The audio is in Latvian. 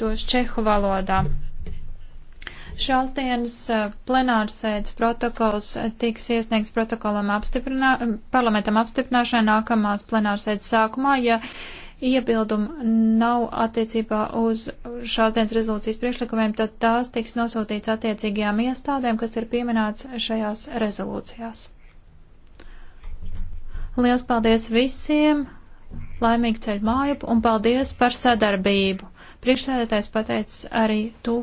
tos čehu valodā. Šās dienas eh, plenārsēdes protokols eh, tiks iesniegts protokolam apstiprinā, parlamentam apstiprināšanai nākamās plenārsēdes sākumā, ja iebildumu nav attiecībā uz šās dienas rezolūcijas priekšlikumiem, tad tās tiks nosūtīts attiecīgajām iestādēm, kas ir pieminēts šajās rezolūcijās. Liels paldies visiem, laimīgu ceļu mājup un paldies par sadarbību! Priekšsēdētājs pateicis arī to,